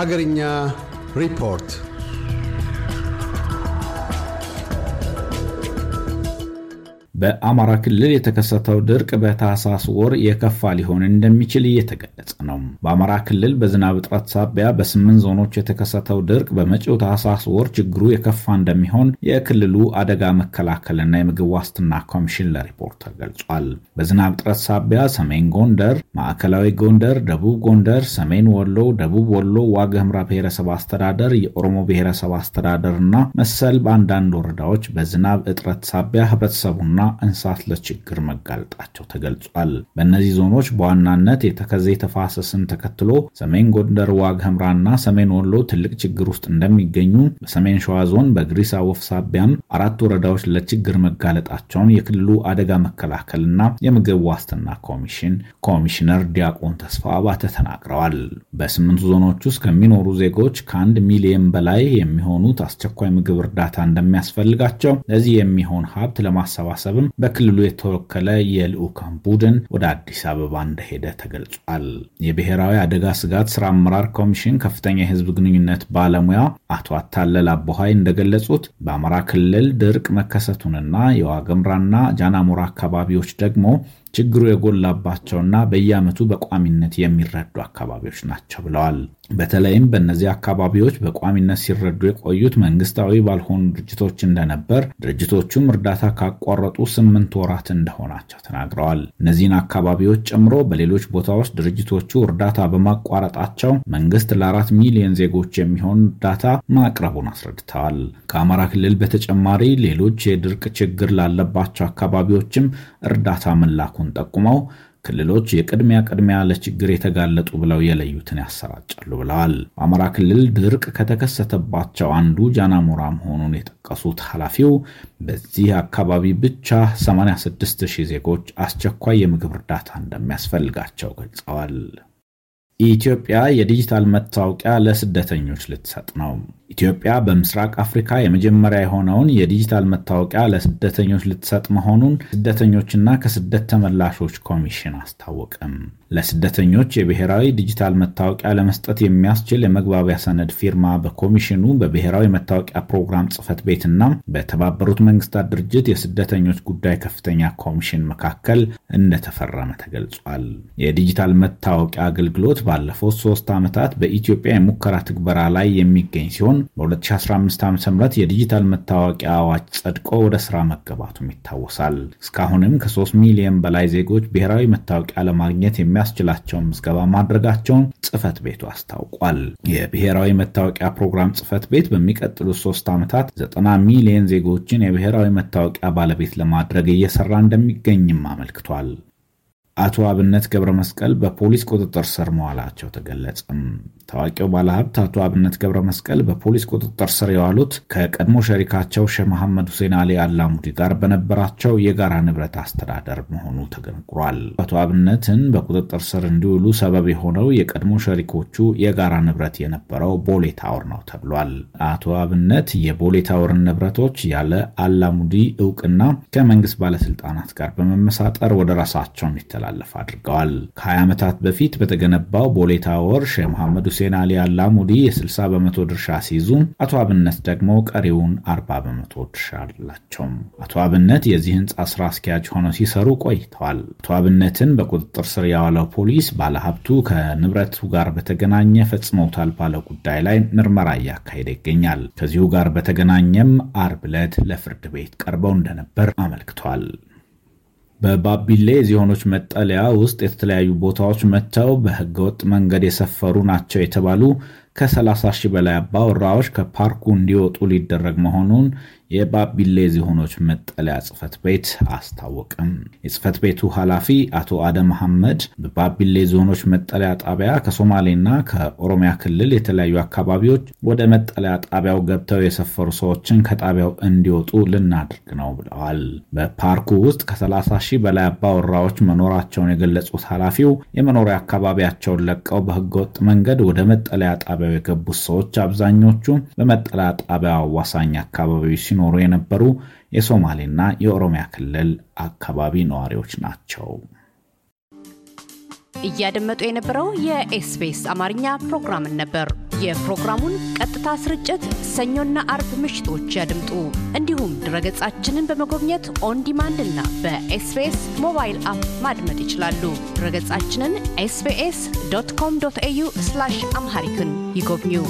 Hagarinya Report በአማራ ክልል የተከሰተው ድርቅ በታህሳስ ወር የከፋ ሊሆን እንደሚችል እየተገለጸ ነው። በአማራ ክልል በዝናብ እጥረት ሳቢያ በስምንት ዞኖች የተከሰተው ድርቅ በመጪው ታህሳስ ወር ችግሩ የከፋ እንደሚሆን የክልሉ አደጋ መከላከልና የምግብ ዋስትና ኮሚሽን ለሪፖርት ገልጿል። በዝናብ እጥረት ሳቢያ ሰሜን ጎንደር፣ ማዕከላዊ ጎንደር፣ ደቡብ ጎንደር፣ ሰሜን ወሎ፣ ደቡብ ወሎ፣ ዋጋ ምራ ብሔረሰብ አስተዳደር፣ የኦሮሞ ብሔረሰብ አስተዳደር እና መሰል በአንዳንድ ወረዳዎች በዝናብ እጥረት ሳቢያ ህብረተሰቡና እንስሳት ለችግር መጋለጣቸው ተገልጿል። በእነዚህ ዞኖች በዋናነት የተከዜ ተፋሰስን ተከትሎ ሰሜን ጎንደር ዋግ ህምራና ሰሜን ወሎ ትልቅ ችግር ውስጥ እንደሚገኙ፣ በሰሜን ሸዋ ዞን በግሪሳ ወፍ ሳቢያም አራት ወረዳዎች ለችግር መጋለጣቸውን የክልሉ አደጋ መከላከልና የምግብ ዋስትና ኮሚሽን ኮሚሽነር ዲያቆን ተስፋ አባተ ተናግረዋል። በስምንቱ ዞኖች ውስጥ ከሚኖሩ ዜጎች ከአንድ ሚሊየን በላይ የሚሆኑት አስቸኳይ ምግብ እርዳታ እንደሚያስፈልጋቸው ለዚህ የሚሆን ሀብት ለማሰባሰብ ቢቀርብም በክልሉ የተወከለ የልዑካን ቡድን ወደ አዲስ አበባ እንደሄደ ተገልጿል። የብሔራዊ አደጋ ስጋት ስራ አመራር ኮሚሽን ከፍተኛ የህዝብ ግንኙነት ባለሙያ አቶ አታለል አቦሀይ እንደገለጹት በአማራ ክልል ድርቅ መከሰቱንና ገምራና ጃናሞራ አካባቢዎች ደግሞ ችግሩ የጎላባቸውና በየዓመቱ በቋሚነት የሚረዱ አካባቢዎች ናቸው ብለዋል። በተለይም በእነዚህ አካባቢዎች በቋሚነት ሲረዱ የቆዩት መንግስታዊ ባልሆኑ ድርጅቶች እንደነበር፣ ድርጅቶቹም እርዳታ ካቋረጡ ስምንት ወራት እንደሆናቸው ተናግረዋል። እነዚህን አካባቢዎች ጨምሮ በሌሎች ቦታዎች ድርጅቶቹ እርዳታ በማቋረጣቸው መንግስት ለአራት ሚሊዮን ዜጎች የሚሆን እርዳታ ማቅረቡን አስረድተዋል። ከአማራ ክልል በተጨማሪ ሌሎች የድርቅ ችግር ላለባቸው አካባቢዎችም እርዳታ መላኩ መላኩን ጠቁመው ክልሎች የቅድሚያ ቅድሚያ ለችግር የተጋለጡ ብለው የለዩትን ያሰራጫሉ ብለዋል። በአማራ ክልል ድርቅ ከተከሰተባቸው አንዱ ጃናሞራ መሆኑን የጠቀሱት ኃላፊው በዚህ አካባቢ ብቻ 86,000 ዜጎች አስቸኳይ የምግብ እርዳታ እንደሚያስፈልጋቸው ገልጸዋል። ኢትዮጵያ የዲጂታል መታወቂያ ለስደተኞች ልትሰጥ ነው። ኢትዮጵያ በምስራቅ አፍሪካ የመጀመሪያ የሆነውን የዲጂታል መታወቂያ ለስደተኞች ልትሰጥ መሆኑን ስደተኞችና ከስደት ተመላሾች ኮሚሽን አስታወቀም። ለስደተኞች የብሔራዊ ዲጂታል መታወቂያ ለመስጠት የሚያስችል የመግባቢያ ሰነድ ፊርማ በኮሚሽኑ በብሔራዊ መታወቂያ ፕሮግራም ጽህፈት ቤትና በተባበሩት መንግስታት ድርጅት የስደተኞች ጉዳይ ከፍተኛ ኮሚሽን መካከል እንደተፈረመ ተገልጿል። የዲጂታል መታወቂያ አገልግሎት ባለፈው ሶስት ዓመታት በኢትዮጵያ የሙከራ ትግበራ ላይ የሚገኝ ሲሆን በ2015 ዓ ም የዲጂታል መታወቂያ አዋጅ ጸድቆ ወደ ስራ መገባቱም ይታወሳል። እስካሁንም ከ3 ሚሊዮን በላይ ዜጎች ብሔራዊ መታወቂያ ለማግኘት የሚያስችላቸውን ምዝገባ ማድረጋቸውን ጽህፈት ቤቱ አስታውቋል። የብሔራዊ መታወቂያ ፕሮግራም ጽህፈት ቤት በሚቀጥሉት ሶስት ዓመታት 90 ሚሊዮን ዜጎችን የብሔራዊ መታወቂያ ባለቤት ለማድረግ እየሰራ እንደሚገኝም አመልክቷል። አቶ አብነት ገብረ መስቀል በፖሊስ ቁጥጥር ስር መዋላቸው ተገለጸም። ታዋቂው ባለሀብት አቶ አብነት ገብረ መስቀል በፖሊስ ቁጥጥር ስር የዋሉት ከቀድሞ ሸሪካቸው ሼህ መሐመድ ሁሴን አሊ አላሙዲ ጋር በነበራቸው የጋራ ንብረት አስተዳደር መሆኑ ተገንግሯል። አቶ አብነትን በቁጥጥር ስር እንዲውሉ ሰበብ የሆነው የቀድሞ ሸሪኮቹ የጋራ ንብረት የነበረው ቦሌ ታወር ነው ተብሏል። አቶ አብነት የቦሌ ታወርን ንብረቶች ያለ አላሙዲ እውቅና ከመንግስት ባለስልጣናት ጋር በመመሳጠር ወደ ራሳቸው እንዲተላለፍ አድርገዋል። ከ20 ዓመታት በፊት በተገነባው ቦሌ ታወር ሼህ መሐመድ ሁሴን አሊ አላሙዲ የ60 በመቶ ድርሻ ሲይዙ አቶ አብነት ደግሞ ቀሪውን 40 በመቶ ድርሻ አላቸው። አቶ አብነት የዚህ ህንፃ ስራ አስኪያጅ ሆነው ሲሰሩ ቆይተዋል። አቶ አብነትን በቁጥጥር ስር ያዋለው ፖሊስ ባለሀብቱ ከንብረቱ ጋር በተገናኘ ፈጽመውታል ባለ ጉዳይ ላይ ምርመራ እያካሄደ ይገኛል። ከዚሁ ጋር በተገናኘም አርብ ዕለት ለፍርድ ቤት ቀርበው እንደነበር አመልክቷል። በባቢሌ ዝሆኖች መጠለያ ውስጥ የተለያዩ ቦታዎች መጥተው በህገወጥ መንገድ የሰፈሩ ናቸው የተባሉ ከ30 ሺህ በላይ አባወራዎች ከፓርኩ እንዲወጡ ሊደረግ መሆኑን የባቢሌ ዝሆኖች መጠለያ ጽህፈት ቤት አስታወቅም። የጽፈት ቤቱ ኃላፊ አቶ አደም መሐመድ በባቢሌ ዝሆኖች መጠለያ ጣቢያ ከሶማሌና ከኦሮሚያ ክልል የተለያዩ አካባቢዎች ወደ መጠለያ ጣቢያው ገብተው የሰፈሩ ሰዎችን ከጣቢያው እንዲወጡ ልናደርግ ነው ብለዋል። በፓርኩ ውስጥ ከ30 ሺህ በላይ አባወራዎች መኖራቸውን የገለጹት ኃላፊው የመኖሪያ አካባቢያቸውን ለቀው በህገወጥ መንገድ ወደ መጠለያ ጣቢያው የገቡት ሰዎች አብዛኞቹ በመጠለያ ጣቢያው አዋሳኝ አካባቢዎች ሲኖሩ የነበሩ የሶማሌና የኦሮሚያ ክልል አካባቢ ነዋሪዎች ናቸው። እያደመጡ የነበረው የኤስቢኤስ አማርኛ ፕሮግራምን ነበር። የፕሮግራሙን ቀጥታ ስርጭት ሰኞና አርብ ምሽቶች ያድምጡ። እንዲሁም ድረገጻችንን በመጎብኘት ኦንዲማንድ እና በኤስቢኤስ ሞባይል አፕ ማድመጥ ይችላሉ። ድረገጻችንን ኤስቢኤስ ዶት ኮም ዶት ኤዩ አምሃሪክን ይጎብኙ።